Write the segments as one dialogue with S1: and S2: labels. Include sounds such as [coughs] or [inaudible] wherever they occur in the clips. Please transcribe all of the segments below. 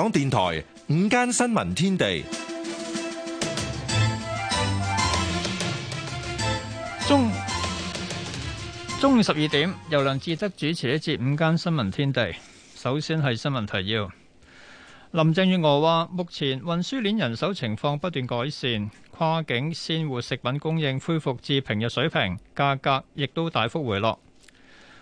S1: 港電台午間新聞天地，
S2: 中
S3: 中午十二點由梁志德主持一節午間新聞天地。首先係新聞提要，林鄭月娥話，目前運輸鏈人手情況不斷改善，跨境鮮活食品供應恢復至平日水平，價格亦都大幅回落。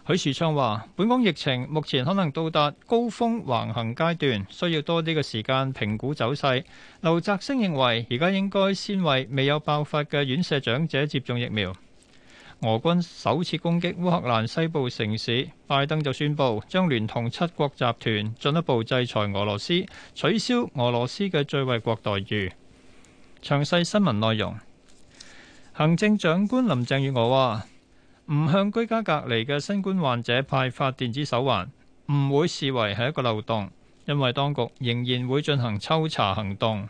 S3: 許樹昌話，本港疫情目前可能到達高峰橫行階段，需要多啲嘅時間評估走勢。劉澤星認為，而家應該先為未有爆發嘅院舍長者接種疫苗。俄軍首次攻擊烏克蘭西部城市，拜登就宣布將聯同七國集團進一步制裁俄羅斯，取消俄羅斯嘅最惠國待遇。詳細新聞內容，行政長官林鄭月娥話。唔向居家隔離嘅新冠患者派發電子手環，唔會視為係一個漏洞，因為當局仍然會進行抽查行動。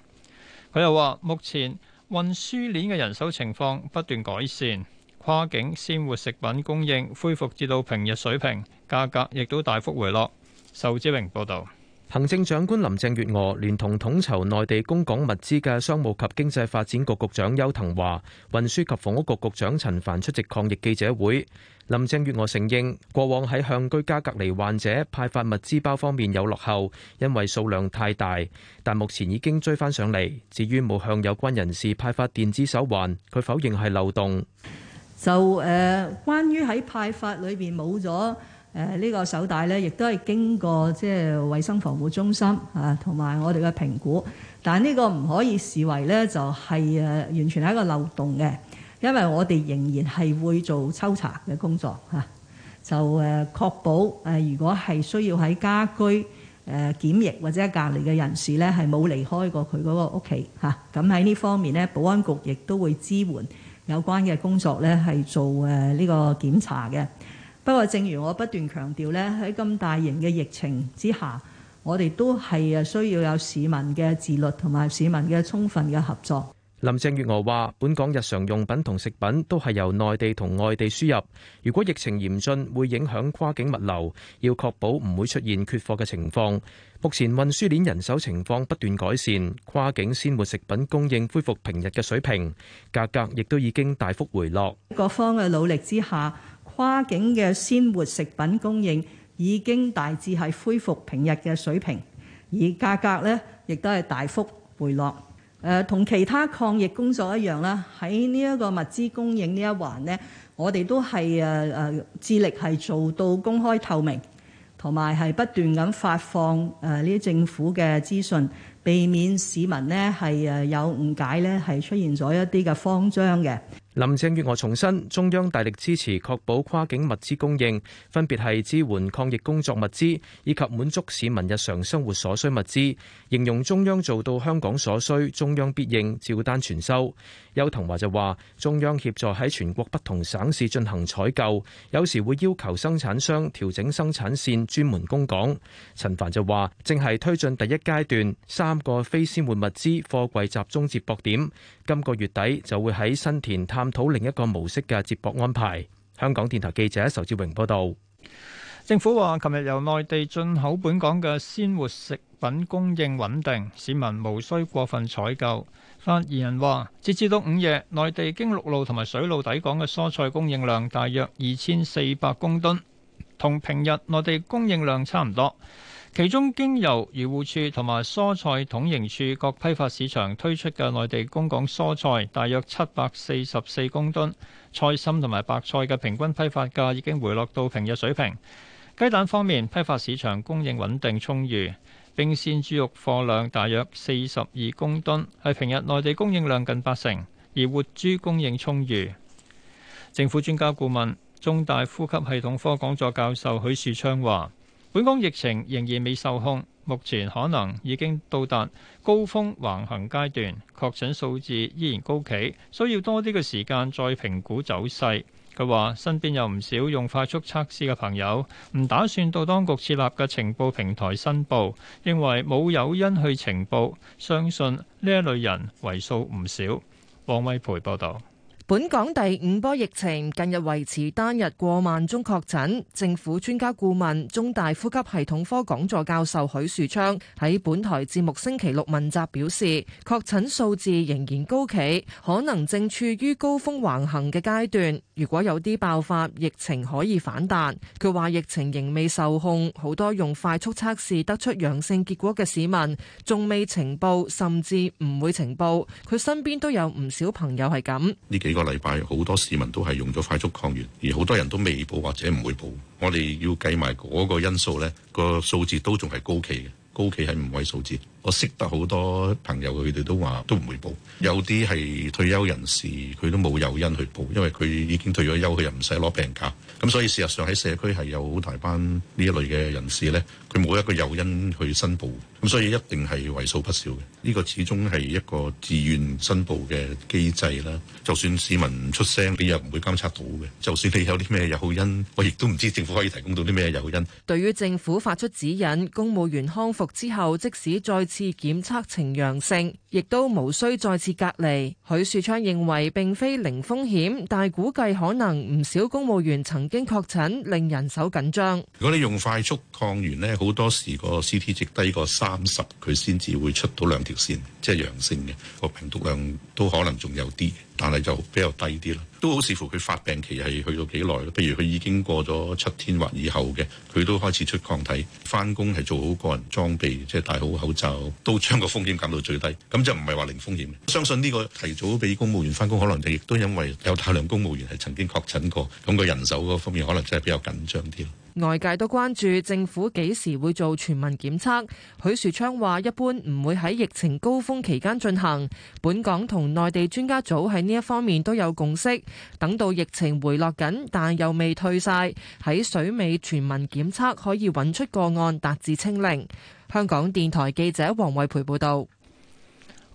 S3: 佢又話，目前運輸鏈嘅人手情況不斷改善，跨境鮮活食品供應恢復至到平日水平，價格亦都大幅回落。仇志榮報導。
S4: 行政長官林鄭月娥連同統籌內地供港物資嘅商務及經濟發展局局長邱騰華、運輸及房屋局局長陳帆出席抗疫記者會。林鄭月娥承認，過往喺向居家隔離患者派發物資包方面有落後，因為數量太大，但目前已經追翻上嚟。至於冇向有關人士派發電子手環，佢否認係漏洞。
S5: 就誒，關於喺派發裏邊冇咗。誒呢個手帶呢，亦都係經過即係衞生防護中心啊，同埋我哋嘅評估。但係呢個唔可以視為呢，就係誒完全係一個漏洞嘅，因為我哋仍然係會做抽查嘅工作嚇。就誒確保誒，如果係需要喺家居誒檢疫或者隔離嘅人士呢，係冇離開過佢嗰個屋企嚇。咁喺呢方面呢，保安局亦都會支援有關嘅工作呢，係做誒呢個檢查嘅。不過，正如我不斷強調呢，喺咁大型嘅疫情之下，我哋都係啊需要有市民嘅自律同埋市民嘅充分嘅合作。
S4: 林鄭月娥話：本港日常用品同食品都係由內地同外地輸入，如果疫情嚴峻，會影響跨境物流，要確保唔會出現缺貨嘅情況。目前運輸鏈人手情況不斷改善，跨境鮮活食品供應恢復平日嘅水平，價格亦都已經大幅回落。
S5: 各方嘅努力之下，跨境嘅鮮活食品供應已經大致係恢復平日嘅水平，而價格咧亦都係大幅回落。誒、呃，同其他抗疫工作一樣啦，喺呢一個物資供應呢一環呢，我哋都係誒誒致力係做到公開透明，同埋係不斷咁發放誒呢啲政府嘅資訊。避免市民咧係誒有誤解咧，係出現咗一啲嘅慌張嘅。
S4: 林鄭月娥重申，中央大力支持確保跨境物資供應，分別係支援抗疫工作物資，以及滿足市民日常生活所需物資。形容中央做到香港所需，中央必應，照單全收。邱騰華就話，中央協助喺全國不同省市進行採購，有時會要求生產商調整生產線，專門供港。陳帆就話，正係推進第一階段三個非鮮活物資貨櫃集中接駁點，今個月底就會喺新田探討另一個模式
S3: 嘅接駁安排。香港電台記者仇志榮報道。政府話，琴日由內地進口本港嘅鮮活食品供應穩定，市民無需過分採購。發言人話，截至到午夜，內地經陸路同埋水路抵港嘅蔬菜供應量大約二千四百公噸，同平日內地供應量差唔多。其中經由漁護處同埋蔬菜統營處各批發市場推出嘅內地供港蔬菜，大約七百四十四公噸，菜心同埋白菜嘅平均批發價已經回落到平日水平。雞蛋方面，批發市場供應穩定充裕，冰鮮豬肉貨量大約四十二公噸，係平日內地供應量近八成，而活豬供應充裕。政府專家顧問、中大呼吸系統科講座教授許樹昌話。本港疫情仍然未受控，目前可能已經到達高峰橫行階段，確診數字依然高企，需要多啲嘅時間再評估走勢，佢話身邊有唔少用快速測試嘅朋友，唔打算到當局設立嘅情報平台申報，認為冇誘因去情報，相信呢一類人為數唔少。黃偉培報道。
S6: 本港第五波疫情近日維持單日過萬宗確診，政府專家顧問、中大呼吸系統科講座教授許樹昌喺本台節目星期六問責表示，確診數字仍然高企，可能正處於高峰橫行嘅階段。如果有啲爆發，疫情可以反彈。佢話疫情仍未受控，好多用快速測試得出陽性結果嘅市民，仲未呈報，甚至唔會呈報。佢身邊都有唔少朋友係咁。
S1: 呢幾個禮拜好多市民都係用咗快速抗原，而好多人都未報或者唔會報。我哋要計埋嗰個因素呢，呢個數字都仲係高企嘅，高企係五位數字。我識得好多朋友，佢哋都話都唔會報。有啲係退休人士，佢都冇誘因去報，因為佢已經退咗休，佢又唔使攞病假。咁所以事實上喺社區係有好大班呢一類嘅人士咧，佢冇一個誘因去申報，咁所以一定係為數不少嘅。呢個始終係一個自願申報嘅機制啦。就算市民唔出聲，你又唔會監測到嘅。就算你有啲咩誘因，我亦都唔知政府可以提供到啲咩誘因。
S6: 對於政府發出指引，公務員康復之後，即使再次檢測呈陽性。亦都無需再次隔離。許樹昌認為並非零風險，但估計可能唔少公務員曾經確診，令人手緊張。
S1: 如果你用快速抗原呢，好多時個 CT 值低過三十，佢先至會出到兩條線，即係陽性嘅。個病毒量都可能仲有啲，但係就比較低啲啦。都好視乎佢發病期係去到幾耐咯。譬如佢已經過咗七天或以後嘅，佢都開始出抗體。翻工係做好個人裝備，即係戴好口罩，都將個風險減到最低。咁就唔係話零風險，相信呢個提早俾公務員翻工，可能就亦都因為有大量公務員係曾經確診過，咁個人手嗰方面可能真係比較緊張啲。
S6: 外界都關注政府幾時會做全民檢測。許樹昌話：一般唔會喺疫情高峰期間進行。本港同內地專家組喺呢一方面都有共識，等到疫情回落緊，但又未退晒，喺水尾全民檢測可以揾出個案達至清零。香港電台記者黃惠培報道。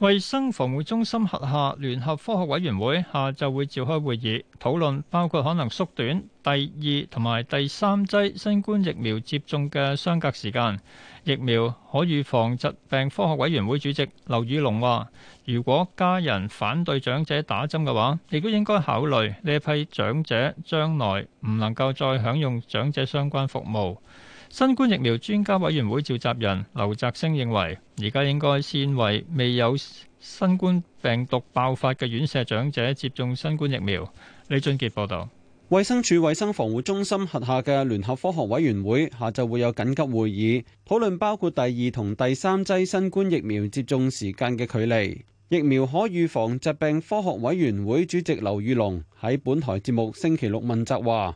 S3: 衛生防護中心轄下聯合科學委員會下晝會召開會議，討論包括可能縮短第二同埋第三劑新冠疫苗接種嘅相隔時間。疫苗可預防疾病科學委員會主席劉宇龍話，如果家人反對長者打針嘅話，亦都應該考慮呢一批長者將來唔能夠再享用長者相關服務。新冠疫苗專家委員會召集人劉澤星認為，而家應該先為未有新冠病毒爆發嘅院舍長者接種新冠疫苗。李俊杰報道，
S7: 衛生署衛生防護中心轄下嘅聯合科學委員會下晝會有緊急會議，討論包括第二同第三劑新冠疫苗接種時間嘅距離。疫苗可預防疾病科學委員會主席劉宇隆喺本台節目星期六問責話。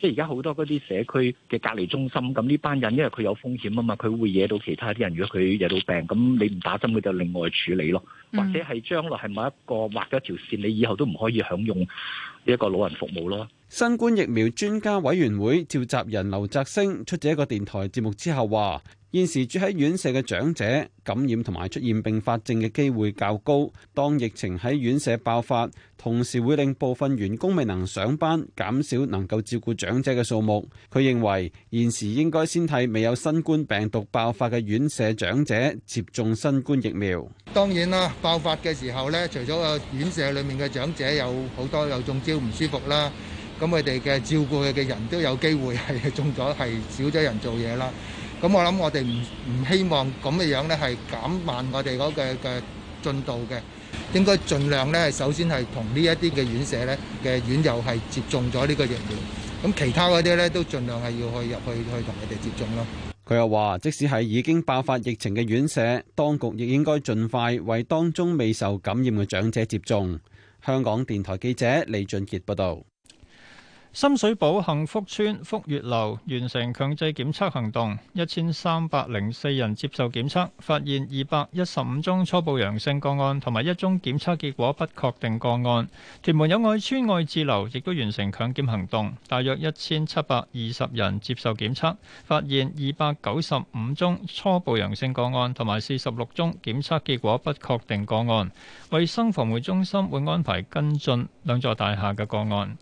S2: 即係而家好多嗰啲社區嘅隔離中心，咁呢班人因為佢有風險啊嘛，佢會惹到其他啲人。如果佢惹到病，咁你唔打針，佢就另外處理咯，或者係將來係咪一個
S7: 劃咗條線，你以後都唔可以享用呢一個老人服務咯。新冠疫苗專家委員會召集人劉澤星出席一個電台節目之後話，現時住喺院舍嘅長者感染同埋出現併發症嘅機會較高。當疫情喺院舍爆發，同時會令部分員工未能上班，減少能夠照顧長者嘅數目。佢認為現時應該先替未有新冠病毒爆發嘅院舍長者接種新冠疫苗。
S2: 當然啦，爆發嘅時候咧，除咗個院舍裏面嘅長者有好多有中招唔舒服啦。咁佢哋嘅照顧佢嘅人都有機會係中咗，係少咗人做嘢啦。咁我諗，我哋唔唔希望咁嘅樣咧，係減慢我哋嗰個嘅進度嘅。應該盡量咧，係首先係同呢一啲嘅院舍咧嘅院友係接種咗呢個疫苗。咁其他嗰啲咧都盡量係要去入去去同佢哋接種咯。
S7: 佢又話，即使係已經爆發疫情嘅院舍，當局亦應該盡快為當中未受感染嘅長者接種。香港電台記者李俊傑報道。深水埗幸
S3: 福邨福月樓完成強制檢測行動，一千三百零四人接受檢測，發現二百一十五宗初步陽性個案，同埋一宗檢測結果不確定個案。屯門友愛邨愛智樓亦都完成強檢行動，大約一千七百二十人接受檢測，發現二百九十五宗初步陽性個案，同埋四十六宗檢測結果不確定個案。衛生防護中心會安排跟進兩座大廈嘅個案。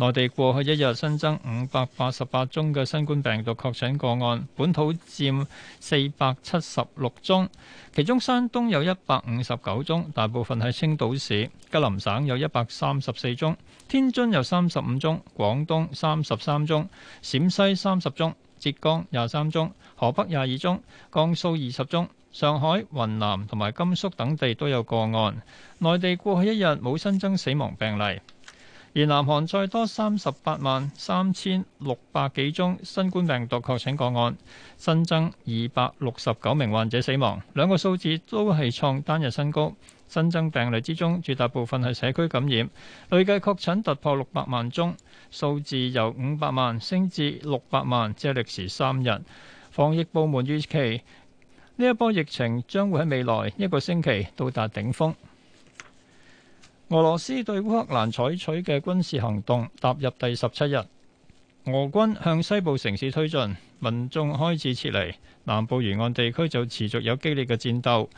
S3: 內地過去一日新增五百八十八宗嘅新冠病毒確診個案，本土佔四百七十六宗，其中山東有一百五十九宗，大部分喺青島市；吉林省有一百三十四宗，天津有三十五宗，廣東三十三宗，陝西三十宗，浙江廿三宗，河北廿二宗，江蘇二十宗，上海、雲南同埋甘肅等地都有個案。內地過去一日冇新增死亡病例。而南韓再多三十八萬三千六百幾宗新冠病毒確診個案，新增二百六十九名患者死亡，兩個數字都係創單日新高。新增病例之中，絕大部分係社區感染，累計確診突破六百萬宗，數字由五百萬升至六百萬，只係歷時三日。防疫部門預期呢一波疫情將會喺未來一個星期到達頂峰。俄羅斯對烏克蘭採取嘅軍事行動踏入第十七日，俄軍向西部城市推進，民眾開始撤離，南部沿岸地區就持續有激烈嘅戰鬥。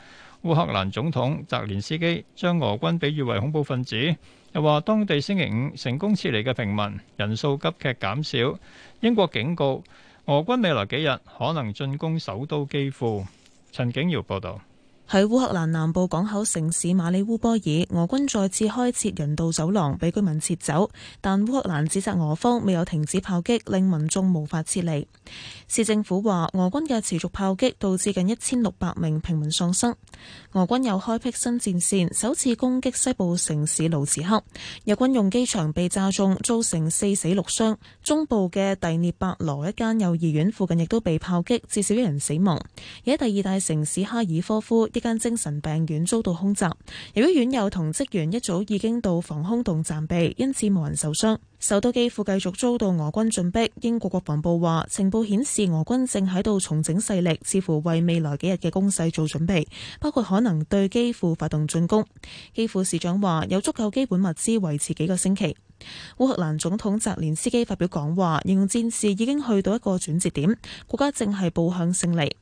S3: 烏克蘭總統澤連斯基將俄軍比喻為恐怖分子，又話當地星期五成功撤離嘅平民人數急劇減少。英國警告，俄軍未來幾日可能進攻首都基輔。陳景堯報道。
S8: 喺烏克蘭南部港口城市馬里烏波爾，俄軍再次開設人道走廊俾居民撤走，但烏克蘭指責俄方未有停止炮擊，令民眾無法撤離。市政府話，俄軍嘅持續炮擊導致近一千六百名平民喪生。俄軍又開闢新戰線，首次攻擊西部城市盧茨克，有軍用機場被炸中，造成四死六傷。中部嘅第涅伯羅一間幼兒園附近亦都被炮擊，至少一人死亡。而喺第二大城市哈爾科夫，間精神病院遭到空襲，由於院友同職員一早已經到防空洞暫避，因此無人受傷。首都基輔繼續遭到俄軍進逼，英國國防部話，情報顯示俄軍正喺度重整勢力，似乎為未來幾日嘅攻勢做準備，包括可能對基輔發動進攻。基輔市長話，有足夠基本物資維持幾個星期。烏克蘭總統澤連斯基發表講話，形容戰事已經去到一個轉折點，國家正係步向勝利。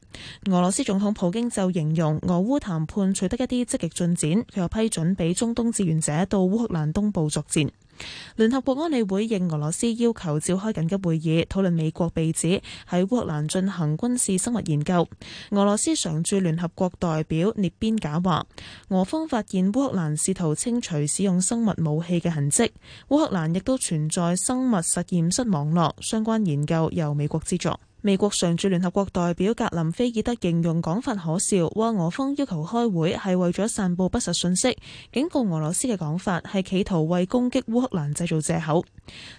S8: 俄羅斯總統普京就形容俄烏談判取得一啲積極進展，佢又批准俾中東志願者到烏克蘭東部作戰。聯合國安理會應俄羅斯要求召開緊急會議，討論美國被指喺烏克蘭進行軍事生物研究。俄羅斯常駐聯合國代表聶邊賈話，俄方發現烏克蘭試圖清除使用生物武器嘅痕跡，烏克蘭亦都存在生物實驗室網絡，相關研究由美國資助。美國常駐聯合國代表格林菲爾德形容講法可笑，話俄方要求開會係為咗散布不實信息，警告俄羅斯嘅講法係企圖為攻擊烏克蘭製造借口。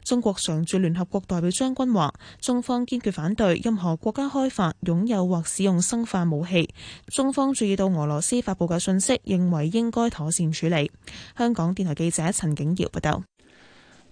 S8: 中國常駐聯合國代表張軍話，中方堅決反對任何國家開發、擁有或使用生化武器。中方注意到俄羅斯發布嘅信息，認為應該妥善處理。香港電台記者陳景堯報道。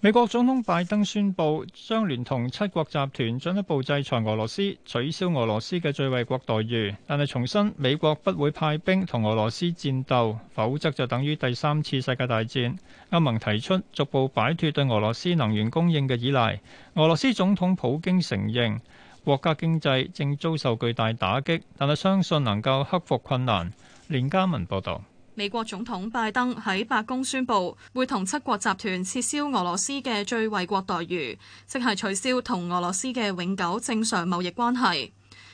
S3: 美國總統拜登宣佈，將聯同七國集團進一步制裁俄羅斯，取消俄羅斯嘅最惠國待遇，但係重申美國不會派兵同俄羅斯戰鬥，否則就等於第三次世界大戰。歐盟提出逐步擺脫對俄羅斯能源供應嘅依賴。俄羅斯總統普京承認國家經濟正遭受巨大打擊，但係相信能夠克服困難。連家文報道。
S9: 美國總統拜登喺白宮宣布，會同七國集團撤銷俄羅斯嘅最惠國待遇，即係取消同俄羅斯嘅永久正常貿易關係。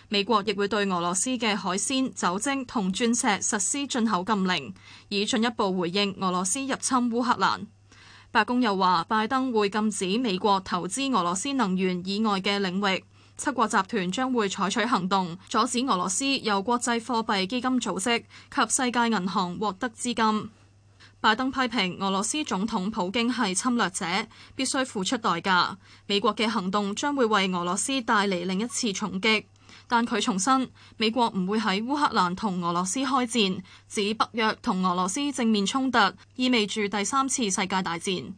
S9: 美國亦會對俄羅斯嘅海鮮、酒精同鑽石實施進口禁令，以進一步回應俄羅斯入侵烏克蘭。白宮又話，拜登會禁止美國投資俄羅斯能源以外嘅領域。七國集團將會採取行動，阻止俄羅斯由國際貨幣基金組織及世界銀行獲得資金。拜登批評俄羅斯總統普京係侵略者，必須付出代價。美國嘅行動將會為俄羅斯帶嚟另一次重擊，但佢重申美國唔會喺烏克蘭同俄羅斯開戰，指北約同俄羅斯正面衝突，意味住第三次世界大戰。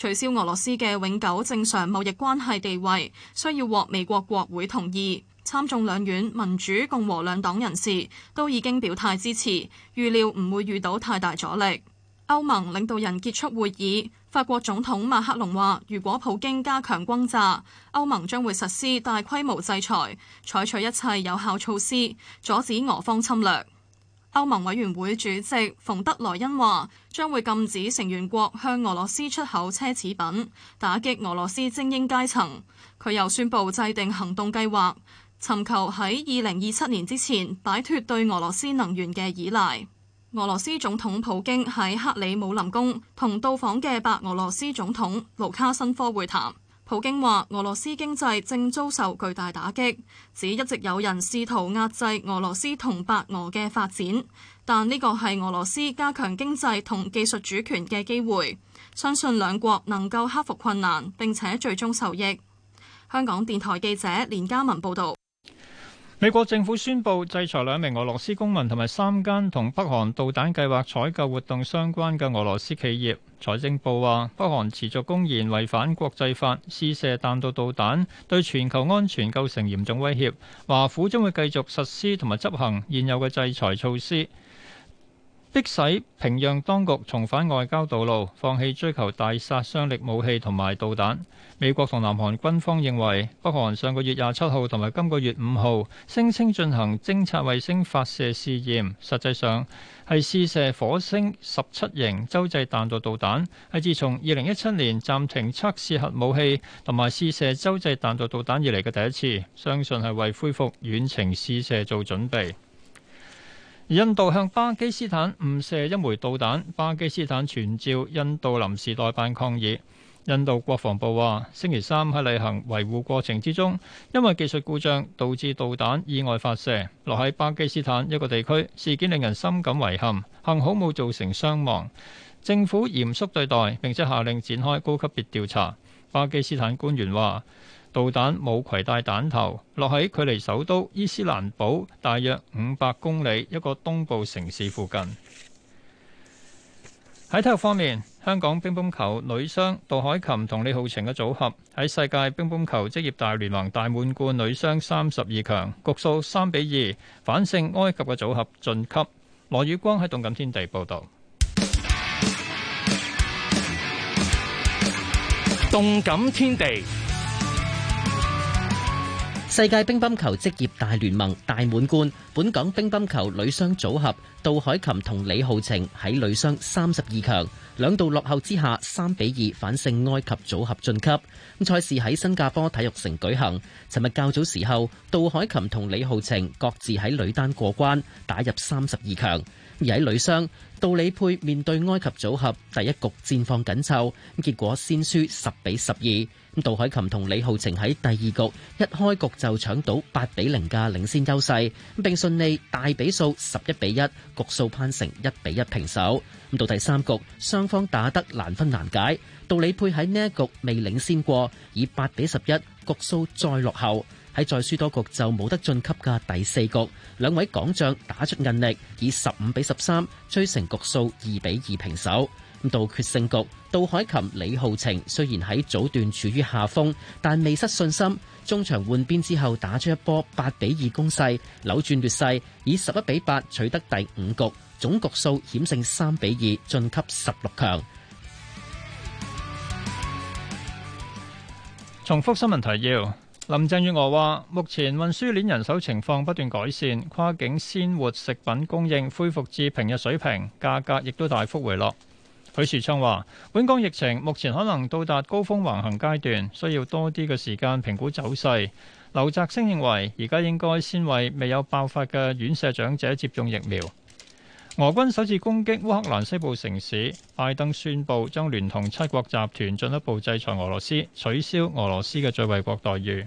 S9: 取消俄羅斯嘅永久正常貿易關係地位，需要獲美國國會同意。參眾兩院民主共和兩黨人士都已經表態支持，預料唔會遇到太大阻力。歐盟領導人結束會議，法國總統馬克龍話，如果普京加強轟炸，歐盟將會實施大規模制裁，採取一切有效措施阻止俄方侵略。歐盟委員會主席馮德萊恩話，將會禁止成員國向俄羅斯出口奢侈品，打擊俄羅斯精英階層。佢又宣布制定行動計劃，尋求喺二零二七年之前擺脫對俄羅斯能源嘅依賴。俄羅斯總統普京喺克里姆林宮同到訪嘅白俄羅斯總統盧卡申科會談。普京話：俄羅斯經濟正遭受巨大打擊，指一直有人試圖壓制俄羅斯同白俄嘅發展，但呢個係俄羅斯加強經濟同技術主權嘅機會，相信兩國能夠克服困難並且最終受益。香港電台記者連嘉文報道。
S3: 美國政府宣布制裁兩名俄羅斯公民同埋三間同北韓導彈計劃採購活動相關嘅俄羅斯企業。財政部話，北韓持續公然違反國際法，試射彈道導彈，對全球安全構成嚴重威脅。華府將會繼續實施同埋執行現有嘅制裁措施。迫使平壤當局重返外交道路，放棄追求大殺傷力武器同埋導彈。美國同南韓軍方認為北韓上個月廿七號同埋今個月五號聲稱進行偵察衛星發射試驗，實際上係試射火星十七型洲際彈道導彈，係自從二零一七年暫停測試核武器同埋試射洲際彈道導彈以嚟嘅第一次，相信係為恢復遠程試射做準備。印度向巴基斯坦誤射一枚導彈，巴基斯坦傳召印度臨時代辦抗議。印度國防部話：星期三喺例行維護過程之中，因為技術故障導致導彈意外發射，落喺巴基斯坦一個地區。事件令人深感遺憾，幸好冇造成傷亡。政府嚴肅對待，並且下令展開高級別調查。巴基斯坦官員話：導彈冇攜帶彈頭，落喺距離首都伊斯蘭堡大約五百公里一個東部城市附近。喺體育方面，香港乒乓球女雙杜海琴同李浩晴嘅組合喺世界乒乓球職業大聯盟大滿貫女雙三十二強局數三比二反勝埃及嘅組合晉級。羅宇光喺動感天地報道。動感天地。
S10: 世界乒乓球職業大聯盟大滿貫，本港乒乓球女雙組合杜海琴同李浩晴喺女雙三十二強兩度落後之下，三比二反勝埃及組合晉級。咁賽事喺新加坡體育城舉行。尋日較早時候，杜海琴同李浩晴各自喺女單過關，打入三十二強。而喺女雙，杜李配面對埃及組合第一局戰況緊湊，咁結果先輸十比十二。咁杜凱琹同李皓晴喺第二局一開局就搶到八比零嘅領先優勢，咁並順利大比數十一比一，局數扳成一比一平手。咁到第三局，雙方打得難分難解，杜李配喺呢一局未領先過，以八比十一局數再落後。喺再輸多局就冇得晉級嘅第四局，兩位港將打出韌力，以十五比十三追成局數二比二平手。到決勝局，杜海琴、李浩晴雖然喺早段處於下風，但未失信心。中場換邊之後，打出一波八比二攻勢，扭轉劣勢，以十一比八取得第五局，總局數險勝三比二晉級十六
S3: 強。重複新聞提要。林鄭月娥話：目前運輸鏈人手情況不斷改善，跨境鮮活食品供應恢復至平日水平，價格亦都大幅回落。許樹昌話：本港疫情目前可能到達高峰橫行階段，需要多啲嘅時間評估走勢。劉澤星認為，而家應該先為未有爆發嘅院舍長者接種疫苗。俄軍首次攻擊烏克蘭西部城市，拜登宣布將聯同七國集團進一步制裁俄羅斯，取消俄羅斯嘅最惠國待遇。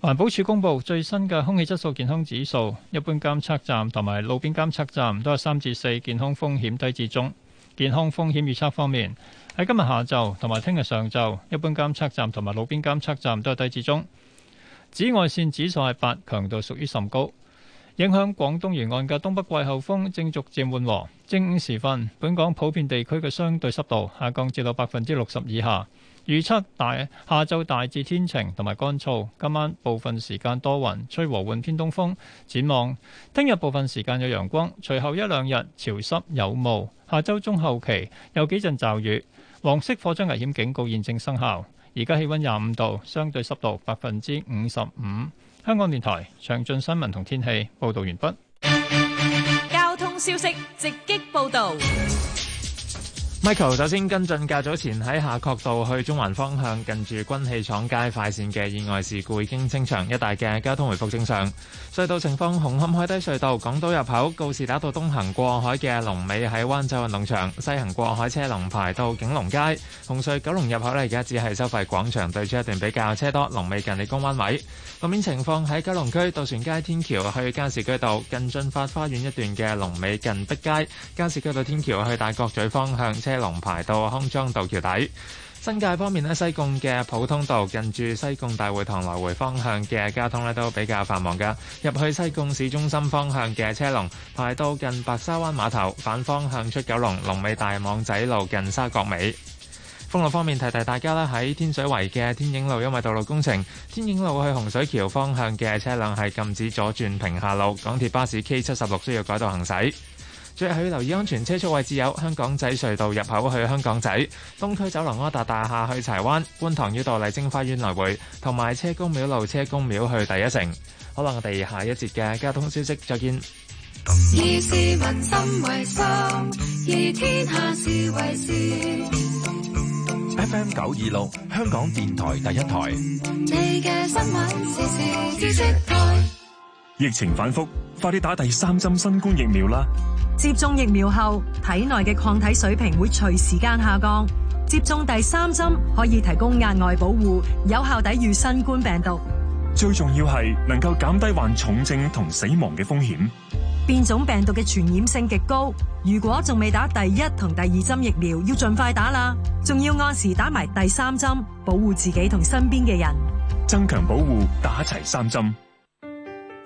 S3: 環保署公布最新嘅空氣質素健康指數，一般監測站同埋路邊監測站都係三至四，健康風險低至中。健康風險預測方面，喺今日下晝同埋聽日上晝，一般監測站同埋路邊監測站都係低至中。紫外線指數係八，強度屬於甚高。影響廣東沿岸嘅東北季候風正逐漸緩和。正午時分，本港普遍地區嘅相對濕度下降至到百分之六十以下。預測大下晝大致天晴同埋乾燥，今晚部分時間多雲，吹和緩偏東風。展望聽日部分時間有陽光，隨後一兩日潮濕有霧。下周中後期有幾陣驟雨。黃色火災危險警告現正生效。而家氣溫廿五度，相對濕度百分之五十五。香港電台詳盡新聞同天氣報道完畢。
S9: 交通消息直擊報道。
S2: Michael，首先跟進，較早前喺夏慤道去中環方向，近住軍器廠街快線嘅意外事故已經清場，一帶嘅交通回復正常。隧道情況，紅磡海底隧道港島入口，告士打道東行過海嘅龍尾喺灣仔運動場，西行過海車龍排到景隆街。紅隧九龍入口呢，而家只係收費廣場對出一段比較車多，龍尾近理工彎位。路面情況喺九龍區渡船街天橋去加士居道，近進發花園一段嘅龍尾近碧街，加士居道天橋去大角咀方向，車龍排到康莊道橋底，新界方面咧，西貢嘅普通道近住西貢大會堂來回方向嘅交通咧都比較繁忙嘅，入去西貢市中心方向嘅車龍排到近白沙灣碼頭反方向出九龍龍尾大網仔路近沙角尾。封路方面，提提大家啦，喺天水圍嘅天影路，因為道路工程，天影路去洪水橋方向嘅車輛係禁止左轉平下路，港鐵巴士 K 七十六，需要改道行駛。最近要留意安全車速位置，有香港仔隧道入口去香港仔、東區走廊柯達大廈去柴灣、觀塘要到麗晶花園來回，同埋車公廟路車公廟去第一城。好啦，我哋下一節嘅交通消息，再見。以市民心為心，以天下事為事。 [music] FM 九二六，香港電台第一台。疫情反覆，快啲打第三針新冠疫苗啦！
S5: 接種疫苗後，體內嘅抗體水平會隨時間下降。接種第三針可以提供額外保護，有效抵禦新冠病毒。
S2: 最重要係能夠減低患重症同死亡嘅風險。
S5: 變種病毒嘅傳染性極高，如果仲未打第一同第二針疫苗，要盡快打啦！仲要按時打埋第三針，保護自己同身邊嘅人，
S2: 增強保護，打齊三針。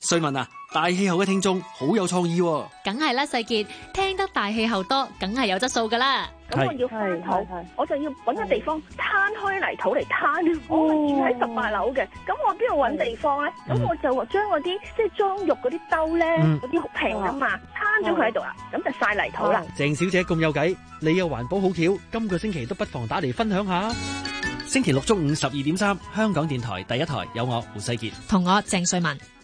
S10: 瑞文啊，大氣候嘅聽眾好有創意，
S11: 梗係啦。世杰聽得大氣候多，梗係有質素噶啦。咁我要環保，我就要揾個地方攤開泥土嚟攤。我住喺十八樓嘅，咁我邊度揾地方咧？咁我就話將嗰啲即係裝肉嗰啲兜咧，嗰啲好平啊嘛，攤咗佢喺度啊，咁就曬泥土啦。
S10: 鄭小姐咁有計，你又環保好巧，今個星期都不妨打嚟分享下。星期六中午十二點三，香港電台第一台有我胡世杰同我鄭瑞文。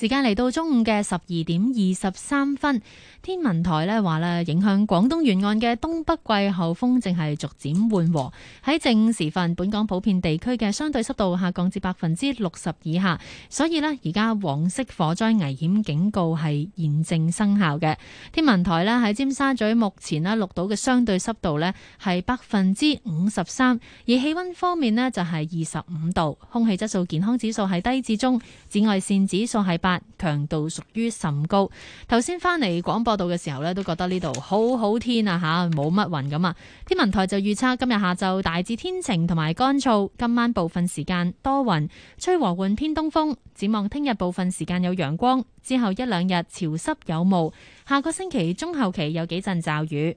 S11: 時間嚟到中午嘅十二點二十三分，天文台呢話呢影響廣東沿岸嘅東北季候風正係逐漸緩和。喺正午時分，本港普遍地區嘅相對濕度下降至百分之六十以下，所以呢，而家黃色火災危險警告係現正生效嘅。天文台呢喺尖沙咀目前呢錄到嘅相對濕度呢係百分之五十三，而氣溫方面呢就係二十五度，空氣質素健康指數係低至中，紫外線指數係八。強度屬於甚高。頭先返嚟廣播道嘅時候咧，都覺得呢度好好天啊吓，冇乜雲咁啊。天文台就預測今日下晝大致天晴同埋乾燥，今晚部分時間多雲，吹和緩偏東風。展望聽日部分時間有陽光，之後一兩日潮濕有霧。下個星期中後期有幾陣驟雨。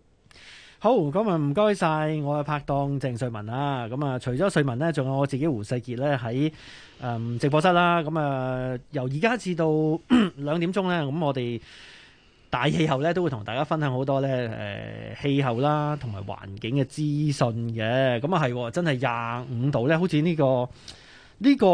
S10: 好，咁啊唔該晒，我係拍檔鄭瑞文啊。咁啊、嗯，除咗瑞文咧，仲有我自己胡世傑咧喺誒直播室啦。咁、嗯、啊，由而家至到兩 [coughs] 點鐘咧，咁、嗯、我哋大氣候咧都會同大家分享好多咧誒氣候啦，同埋環境嘅資訊嘅。咁啊係，真係廿五度咧，好似呢個呢個。這個。